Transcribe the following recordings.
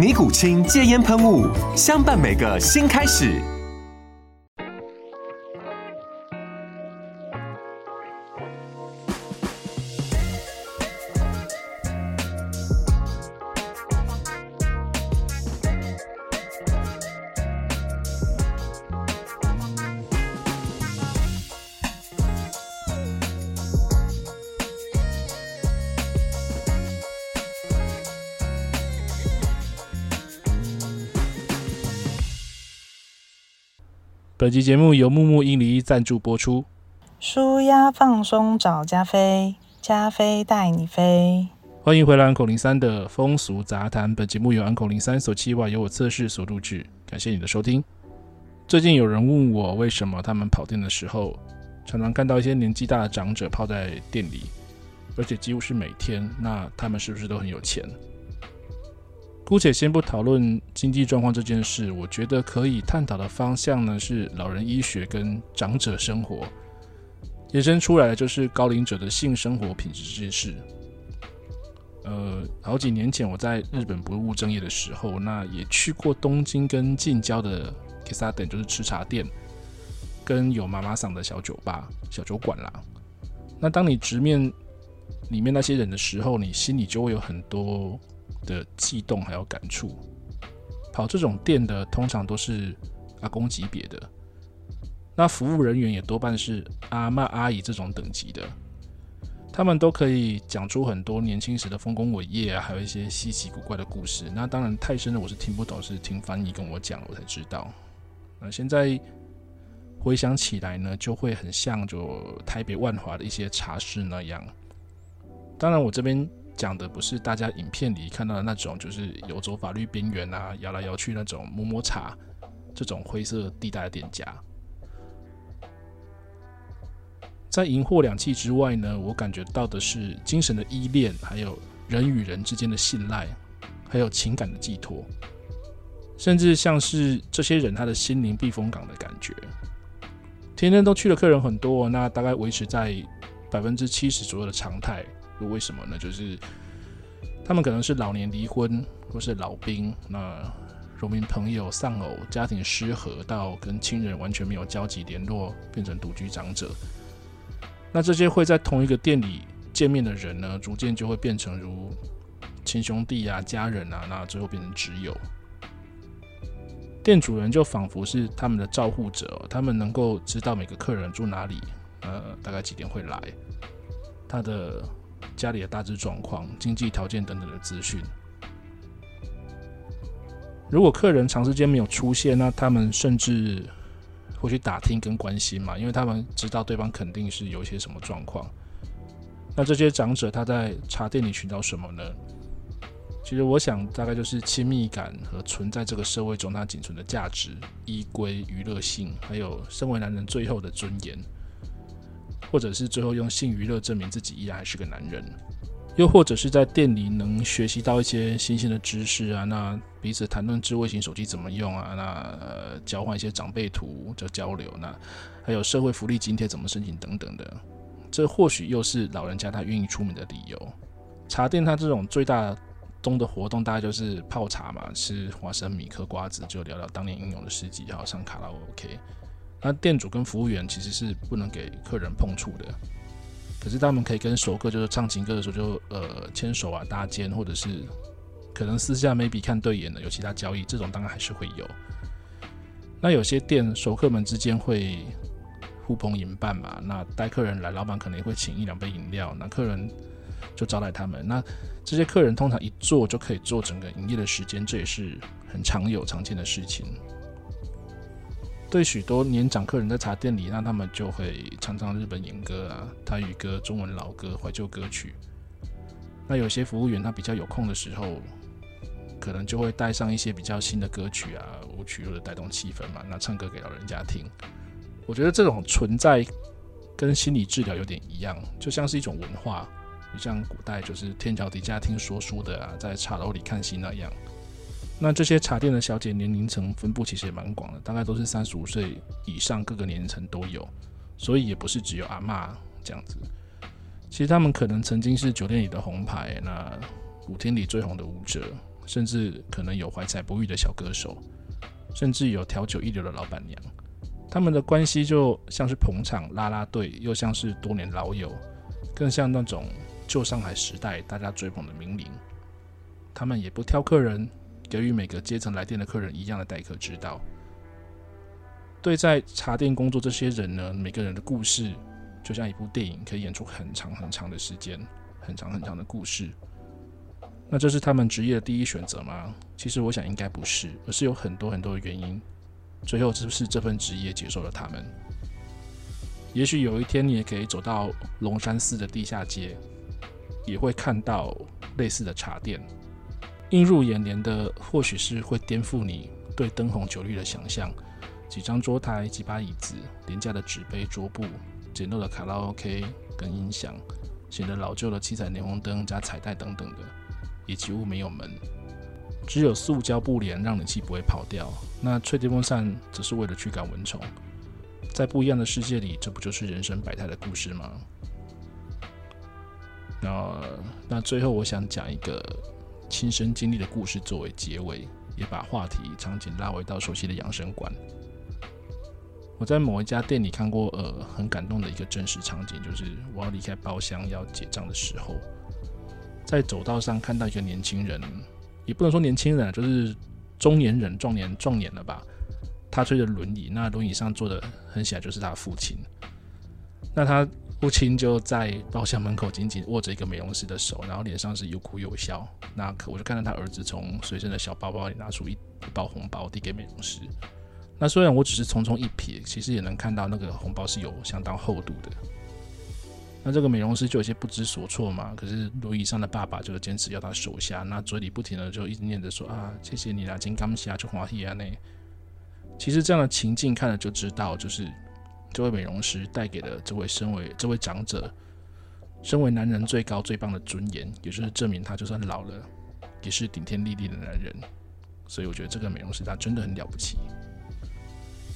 尼古清戒菸噴霧，相伴每個新開始。本集節目由沐莯101贊助播出。舒壓放鬆找加菲，加菲帶你飛。歡迎回來 uncle 零三的風俗雜談。本節目由 uncle 零三所企劃，由我策士所錄製。感謝你的收聽。最近有人問我，為什麼他們跑店的時候，常常看到一些年紀大的長者泡在店裡，而且幾乎是每天。那他們是不是都很有錢？姑且先不討論經濟狀況這件事，我覺得可以探討的方向呢是老人醫學跟長者生活，延伸出來的就是高齡者的性生活品質這件事。呃，好幾年前我在日本不務正業的時候，那也去過東京跟近郊的 Kissaten 就是吃茶店跟有媽媽桑的小酒吧，小酒館啦。那當你直面裡面那些人的時候，你心裡就會有很多。的悸動還有感觸，跑這種店的通常都是阿公級別的，那服務人員也多半是阿嬤、阿姨這種等級的，他們都可以講出很多年輕時的豐功偉業啊，還有一些稀奇古怪的故事。那當然太深的我是聽不懂，是聽翻譯跟我講我才知道。那現在回想起來呢，就會很像就台北萬華的一些茶室那樣。當然我這邊。講的不是大家影片裡看到的那種，就是遊走法律邊緣啊、搖來搖去那種摸摸茶這種灰色地帶的店家。在銀貨兩訖之外呢，我感覺到的是精神的依戀，還有人與人之間的信賴，還有情感的寄託，甚至像是這些人他的心靈避風港的感覺。天天都去的客人很多，那大概維持在百分之七十左右的常態。為什麼呢？就是他們可能是老年離婚，或是老兵，那榮民朋友喪偶，家庭失和，到跟親人完全沒有交集聯絡，變成獨居長者。那這些會在同一個店裡見面的人呢，逐漸就會變成如親兄弟啊、家人啊，那最後變成摯友。店主人就仿佛是他們的照護者，他們能夠知道每個客人住哪裡，呃，大概幾點會來，他的。家裡的大致狀況、經濟條件等等的資訊。如果客人長時間沒有出現，那他們甚至會去打聽跟關心嘛，因為他們知道對方肯定是有一些什麼狀況。那這些長者他在茶店裡尋找什麼呢？其實我想大概就是親密感和存在這個社會中他僅存的價值、依歸、娛樂性，還有身為男人最後的尊嚴。或者是最後用性娛樂證明自己依然還是個男人，又或者是在店裡能學習到一些新鮮的知識啊，那彼此談論智慧型手機怎麼用啊，那、呃、交換一些長輩圖就交流，那還有社會福利津貼怎麼申請等等的，這或許又是老人家他願意出門的理由。茶店他這種最大宗的活動大概就是泡茶嘛，吃花生米、嗑瓜子，就聊聊當年英勇的事蹟，然後上卡拉 OK。那店主跟服務員其實是不能給客人碰觸的，可是他們可以跟熟客，就是唱情歌的時候就呃牽手啊、搭肩，或者是可能私下 maybe 看對眼的有其他交易，這種當然還是會有。那有些店熟客們之間會呼朋引伴嘛，那帶客人來，老板可能會請一兩杯飲料，那客人就招待他們。那這些客人通常一坐就可以坐整個營業的時間，這也是很常有常見的事情。對，許多年長客人在茶店裡，那他們就會唱唱日本演歌啊、台語歌、中文老歌、懷舊歌曲。那有些服務員他比較有空的時候，可能就會帶上一些比較新的歌曲啊、舞曲，或者帶動氣氛嘛。那唱歌給老人家聽，我覺得這種存在跟心理治療有點一樣，就像是一種文化，就像古代就是天橋底下聽說書的啊，在茶樓裡看戲那樣。那這些茶店的小姐年齡層分布其實也蠻廣的，大概都是三十五歲以上，各個年齡層都有，所以也不是只有阿嬤這樣子。其實他們可能曾經是酒店裡的紅牌，那舞廳裡最紅的舞者，甚至可能有懷才不遇的小歌手，甚至有調酒一流的老闆娘。他們的關係就像是捧場啦啦隊，又像是多年老友，更像那種舊上海時代大家追捧的名伶。他們也不挑客人。給予每個階層來店的客人一樣的待客之道。對在茶店工作這些人呢，每個人的故事就像一部電影，可以演出很長很長的時間，很長很長的故事。那這是他們職業的第一選擇嗎？其實我想應該不是，而是有很多很多的原因。最後，是不是這份職業接受了他們？也許有一天，你也可以走到龍山寺的地下街，也會看到類似的茶店。映入眼簾的，或許是會顛覆你對燈紅酒綠的想象：幾張桌檯、幾把椅子、廉價的紙杯桌布、簡陋的卡拉 OK 跟音響、顯得老舊的七彩霓虹燈加彩帶等等的，也幾乎沒有門，只有塑膠布簾讓冷氣不會跑掉。那吹電風扇，則是為了驅趕蚊蟲。在不一樣的世界裡，這不就是人生百態的故事嗎？那、呃、那最後，我想講一個。親身經歷的故事作為結尾，也把話題場景拉回到熟悉的養生館。我在某一家店裡看過呃、很感動的一個真實場景，就是我要離開包廂要結賬的時候，在走道上看到一個年輕人，也不能說年輕人，就是中年人壯年壯年了吧。他推着輪椅，那輪椅上坐的很顯然就是他父親。那他父親就在包廂門口緊緊握着一個美容師的手，然後臉上是又哭又笑。那可我就看到他兒子從隨身的小包包裡拿出一包紅包遞給美容師。那雖然我只是匆匆一瞥，其實也能看到那個紅包是有相當厚度的。那這個美容師就有些不知所措嘛。可是輪椅上的爸爸就堅持要他收下，那嘴裡不停的就一直念着說啊，謝謝你啦、啊，金剛俠，中華鐵啊那。其實這樣的情境看了就知道，就是。這位美容師帶給了這位身為這位長者，身為男人最高最棒的尊嚴，也就是證明他就算老了，也是頂天立地的男人。所以我覺得這個美容師他真的很了不起。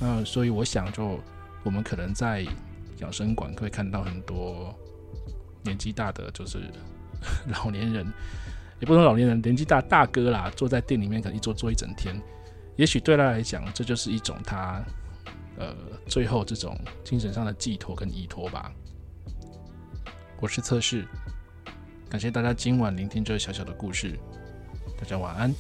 那所以我想就，就我們可能在養生館可以看到很多年紀大的，就是呵呵老年人，也不能說老年人，年紀大大哥啦，坐在店裡面可能一坐坐一整天。也許對他來講，這就是一種他。呃，最後這種精神上的寄托跟依托吧。我是策士，感謝大家今晚聆聽這小小的故事，大家晚安。